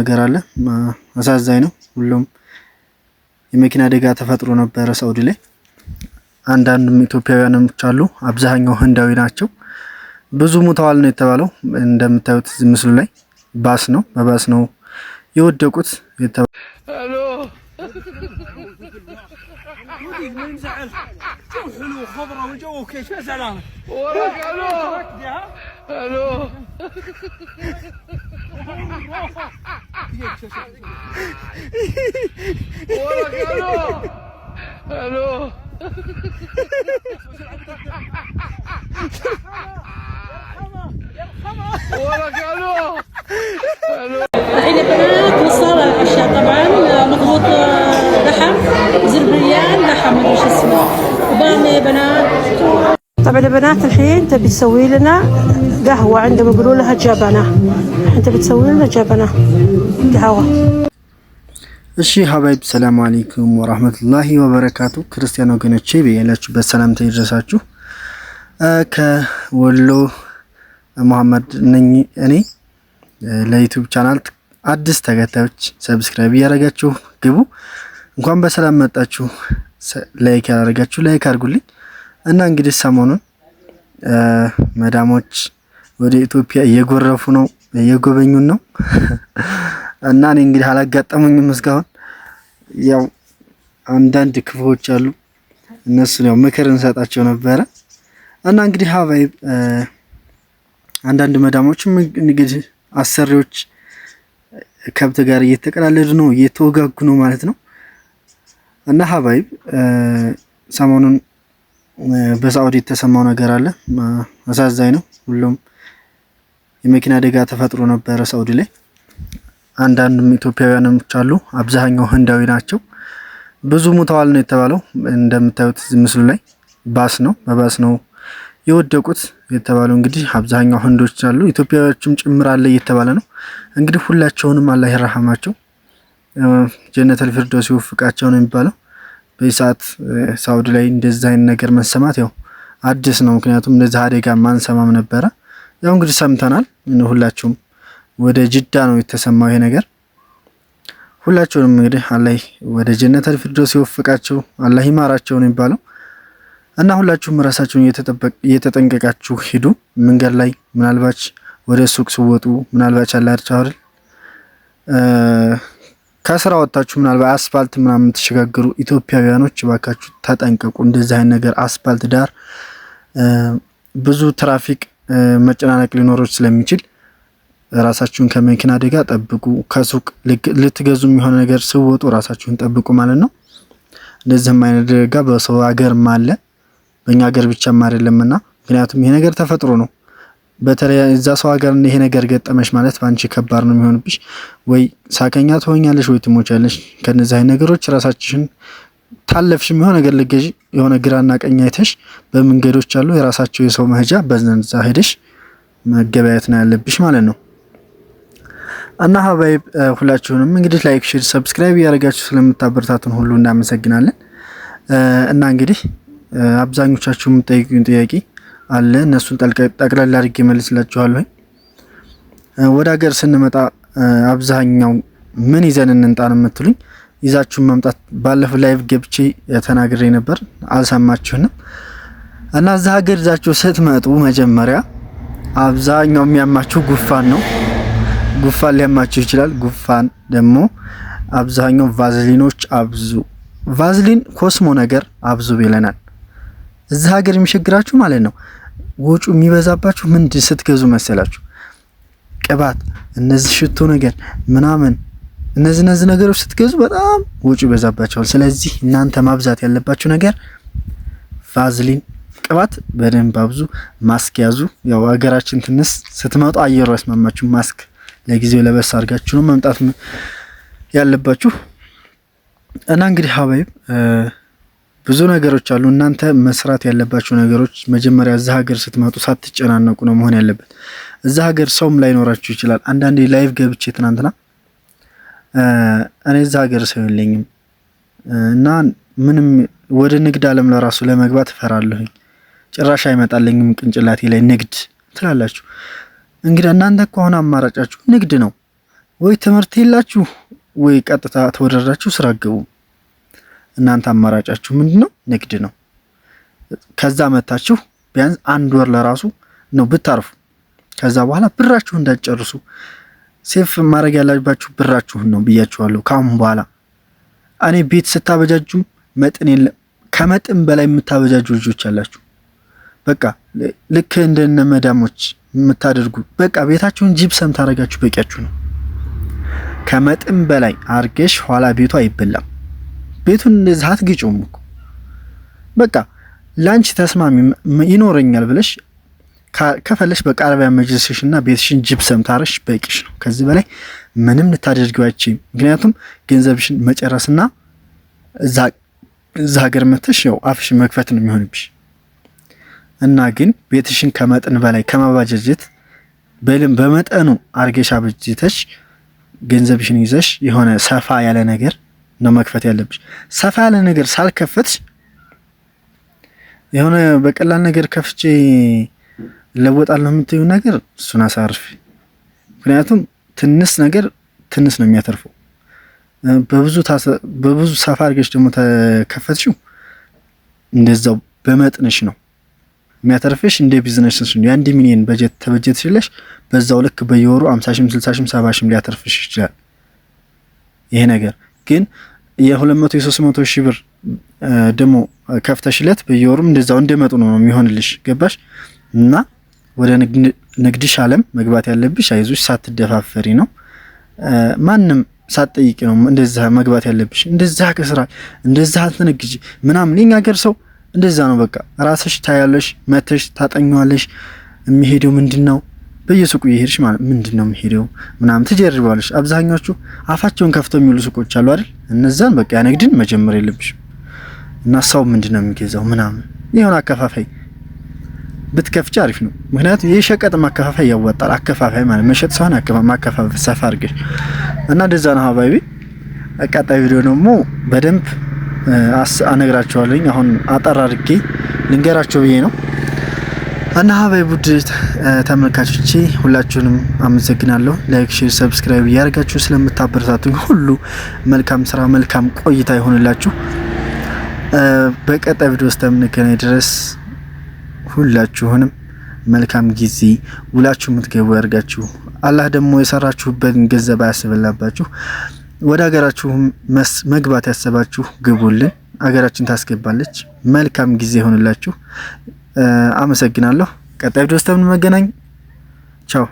ነገር አለ። አሳዛኝ ነው። ሁሉም የመኪና አደጋ ተፈጥሮ ነበረ ሳውዲ ላይ። አንዳንድም ኢትዮጵያውያኖች አሉ፣ አብዛኛው ህንዳዊ ናቸው። ብዙ ሙተዋል ነው የተባለው። እንደምታዩት ምስሉ ላይ ባስ ነው በባስ ነው የወደቁት الو وراك الو الو وراك الو الو بنات العشاء طبعا مضغوط آه، لحم لحم اسمه وبامي بنات طبعا البنات الحين تبي تسوي لنا قهوة عندما يقولوا لها جبنة انت بتسوي لنا جبنة قهوة እሺ ሀባይብ ሰላም አለይኩም ወራህመቱላሂ ወበረካቱ። ክርስቲያን ወገኖቼ በያላችሁበት ሰላምታ ይድረሳችሁ። ከወሎ መሐመድ ነኝ እኔ። ለዩቲዩብ ቻናል አዲስ ተከታዮች ሰብስክራይብ እያደረጋችሁ ግቡ። እንኳን በሰላም መጣችሁ። ላይክ ያደረጋችሁ ላይክ አድርጉልኝ። እና እንግዲህ ሰሞኑን መዳሞች ወደ ኢትዮጵያ እየጎረፉ ነው፣ እየጎበኙን ነው እና እኔ እንግዲህ አላጋጠሙኝም እስካሁን። ያው አንዳንድ ክፍሎች አሉ፣ እነሱን ያው ምክር እንሰጣቸው ነበረ እና እንግዲህ ሀባይ አንዳንድ መዳሞችም እንግዲህ አሰሪዎች ከብት ጋር እየተቀላለዱ ነው፣ እየተወጋጉ ነው ማለት ነው እና ሀባይ ሰሞኑን በሳውዲ የተሰማው ነገር አለ። አሳዛኝ ነው። ሁሉም የመኪና አደጋ ተፈጥሮ ነበረ ሳውዲ ላይ። አንዳንድም ኢትዮጵያውያኖች አሉ። አብዛኛው ህንዳዊ ናቸው። ብዙ ሙተዋል ነው የተባለው። እንደምታዩት ምስሉ ላይ ባስ ነው በባስ ነው የወደቁት የተባለው። እንግዲህ አብዛኛው ህንዶች አሉ፣ ኢትዮጵያዎችም ጭምር አለ እየተባለ ነው። እንግዲህ ሁላቸውንም አላህ ይረሃማቸው፣ ጀነተል ፊርዶስ ይወፍቃቸው ነው የሚባለው። በዚህ ሰዓት ሳውዲ ላይ እንደዚህ አይነት ነገር መሰማት ያው አዲስ ነው። ምክንያቱም እንደዚህ አደጋ ማንሰማም ነበረ። ያው እንግዲህ ሰምተናል። ሁላችሁም ወደ ጅዳ ነው የተሰማው ይሄ ነገር። ሁላችሁንም እንግዲህ አላህ ወደ ጀነት ፊርዶስ ይወፍቃቸው፣ አላህ ይማራቸው ነው የሚባለው እና ሁላችሁም ራሳችሁን እየተጠንቀቃችሁ ሂዱ። መንገድ ላይ ምናልባች ወደ ሱቅ ስወጡ ምናልባች አላርቻ አይደል ከስራ ወጣችሁ ምናልባት አስፋልት ምናምን የምትሸጋገሩ ኢትዮጵያውያኖች ባካችሁ ተጠንቀቁ። እንደዚህ አይነት ነገር አስፋልት ዳር ብዙ ትራፊክ መጨናነቅ ሊኖሮች ስለሚችል ራሳችሁን ከመኪና አደጋ ጠብቁ። ከሱቅ ልትገዙ የሚሆነ ነገር ስወጡ ራሳችሁን ጠብቁ ማለት ነው። እንደዚህም አይነት አደጋ በሰው ሀገርም አለ በእኛ ሀገር ብቻም አይደለምና፣ ምክንያቱም ይሄ ነገር ተፈጥሮ ነው። በተለይ እዛ ሰው ሀገር ይሄ ነገር ገጠመሽ ማለት በአንቺ ከባድ ነው የሚሆንብሽ። ወይ ሳቀኛ ትሆኛለሽ፣ ወይ ትሞቻለሽ። ከነዚህ አይነት ነገሮች ራሳችሽን ታለፍሽ የሆነ ነገር ልገዥ የሆነ ግራና ቀኝ አይተሽ በመንገዶች አሉ የራሳቸው የሰው መሄጃ በዛ ሄደሽ መገበያየት ነው ያለብሽ ማለት ነው። እና ሀባይ ሁላችሁንም እንግዲህ ላይክ፣ ሼር፣ ሰብስክራይብ እያደረጋችሁ ስለምታበረታቱን ሁሉ እናመሰግናለን። እና እንግዲህ አብዛኞቻችሁ የምትጠይቁኝ ጥያቄ አለ። እነሱን ጠቅላላ አድርጌ መልስላችኋለሁ። ወደ ሀገር ስንመጣ አብዛኛው ምን ይዘን እንንጣ ነው የምትሉኝ። ይዛችሁን መምጣት ባለፈው ላይቭ ገብቼ ተናግሬ ነበር፣ አልሰማችሁንም እና እዛ ሀገር ይዛችሁ ስትመጡ መጀመሪያ አብዛኛው የሚያማችሁ ጉፋን ነው። ጉፋን ሊያማችሁ ይችላል። ጉፋን ደግሞ አብዛኛው ቫዝሊኖች አብዙ፣ ቫዝሊን ኮስሞ ነገር አብዙ ብለናል። እዚህ ሀገር የሚሸግራችሁ ማለት ነው። ወጩ የሚበዛባችሁ ምንድን ስትገዙ መሰላችሁ? ቅባት፣ እነዚህ ሽቶ ነገር ምናምን እነዚህ እነዚህ ነገሮች ስትገዙ በጣም ወጪ ይበዛባቸዋል። ስለዚህ እናንተ ማብዛት ያለባችሁ ነገር ቫዝሊን ቅባት በደንብ አብዙ። ማስክ ያዙ። ያው ሀገራችን ትንሽ ስትመጡ አየሩ ያስማማችሁ ማስክ ለጊዜው ለበስ አድርጋችሁ ነው መምጣት ያለባችሁ እና እንግዲህ ሀባይብ ብዙ ነገሮች አሉ። እናንተ መስራት ያለባቸው ነገሮች መጀመሪያ እዛ ሀገር ስትመጡ ሳትጨናነቁ ነው መሆን ያለበት። እዛ ሀገር ሰውም ላይኖራችሁ ይችላል። አንዳንዴ ላይቭ ገብቼ ትናንትና እኔ እዛ ሀገር ሰው የለኝም እና ምንም ወደ ንግድ አለም ለራሱ ለመግባት እፈራለሁኝ። ጭራሽ አይመጣለኝም ቅንጭላቴ ላይ ንግድ ትላላችሁ። እንግዲህ እናንተ ከሆነ አማራጫችሁ ንግድ ነው። ወይ ትምህርት የላችሁ ወይ ቀጥታ ተወዳድራችሁ ስራ አገቡ። እናንተ አማራጫችሁ ምንድን ነው? ንግድ ነው። ከዛ መታችሁ ቢያንስ አንድ ወር ለራሱ ነው ብታርፉ። ከዛ በኋላ ብራችሁ እንዳትጨርሱ ሴፍ ማድረግ ያለባችሁ ብራችሁን ነው ብያችኋለሁ። ካሁን በኋላ እኔ ቤት ስታበጃጁ መጠን የለም ከመጠን በላይ የምታበጃጁ ልጆች አላችሁ። በቃ ልክ እንደነ መዳሞች የምታደርጉ በቃ ቤታችሁን ጅብሰም ታደርጋችሁ በቂያችሁ ነው። ከመጠን በላይ አርገሽ ኋላ ቤቱ አይበላም። ቤቱን እንደዚህ አትግጩም እኮ በቃ ላንች ተስማሚ ይኖረኛል ብለሽ ከፈለሽ በቃረቢያ መጅልስሽ እና ቤትሽን ጅብሰም ታረሽ በቂሽ ነው። ከዚህ በላይ ምንም ልታደርጊው አይችም። ምክንያቱም ገንዘብሽን መጨረስና እዛ ሀገር መተሽ ያው አፍሽ መክፈት ነው የሚሆንብሽ እና ግን ቤትሽን ከመጠን በላይ ከማባጀጀት በልም በመጠኑ አርጌሻ በጅተሽ ገንዘብሽን ይዘሽ የሆነ ሰፋ ያለ ነገር ነው መክፈት ያለብሽ። ሰፋ ያለ ነገር ሳልከፈት የሆነ በቀላል ነገር ከፍቼ ለወጣለሁ የምትዩ ነገር እሱን አሳርፊ። ምክንያቱም ትንስ ነገር ትንስ ነው የሚያተርፈው። በብዙ በብዙ ሰፋ አድርገሽ ደግሞ ተከፈትሽው እንደዛው በመጥንሽ ነው የሚያተርፍሽ። እንደ ቢዝነስ ነው የአንድ ሚሊዮን በጀት ተበጀትሽለሽ በዛው ልክ በየወሩ አምሳሽም ስልሳሽም ሰባሽም ሊያተርፍሽ ይችላል ይሄ ነገር ግን የ መቶ የሶስት ሺህ ብር ደግሞ ከፍተሽለት በየወሩም እንደዛው እንደመጡ ነው የሚሆንልሽ። ገባሽ? እና ወደ ንግድሽ አለም መግባት ያለብሽ አይዞሽ፣ ሳትደፋፈሪ ነው። ማንም ሳትጠይቂ ነው እንደዛ መግባት ያለብሽ። እንደዛ ከስራ እንደዛ አትነግጂ ምናምን። የኛ ሀገር ሰው እንደዛ ነው። በቃ ራስሽ ታያለሽ፣ መተሽ ታጠኘዋለሽ። የሚሄደው ምንድን ነው በየሱቁ እየሄድሽ ማለት ምንድን ነው የሚሄደው ምናምን ትጀርባለሽ። አብዛኞቹ አፋቸውን ከፍተው የሚውሉ ሱቆች አሉ አይደል? እነዛን በቃ ያንግድን መጀመር የለብሽ እና ሰው ምንድን ነው የሚገዛው ምናምን የሆነ አከፋፋይ ብትከፍች አሪፍ ነው። ምክንያቱም ይህ ሸቀጥ ማከፋፋይ ያዋጣል። አከፋፋይ ማለት መሸጥ ሳይሆን ማከፋፈል ሰፋ አድርገሽ እና እንደዛ ነው ሀባይቢ። ቀጣይ ቪዲዮ ደግሞ በደንብ አነግራቸዋለኝ። አሁን አጠር አድርጌ ልንገራቸው ብዬ ነው እና ሀባይ ቡድን ተመልካቾቼ ሁላችሁንም አመሰግናለሁ። ላይክ፣ ሼር፣ ሰብስክራይብ እያደረጋችሁ ስለምታበረታቱኝ ሁሉ መልካም ስራ መልካም ቆይታ ይሆንላችሁ። በቀጣይ ቪዲዮ እስከምንገናኝ ድረስ ሁላችሁንም መልካም ጊዜ ውላችሁ የምትገቡ ያደርጋችሁ። አላህ ደግሞ የሰራችሁበትን ገንዘብ አያስበላባችሁ። ወደ ሀገራችሁ መግባት ያሰባችሁ ግቡልን፣ ሀገራችን ታስገባለች። መልካም ጊዜ ይሆንላችሁ። አመሰግናለሁ። ቀጣይ ቪዲዮ ስተምን መገናኝ ቻው።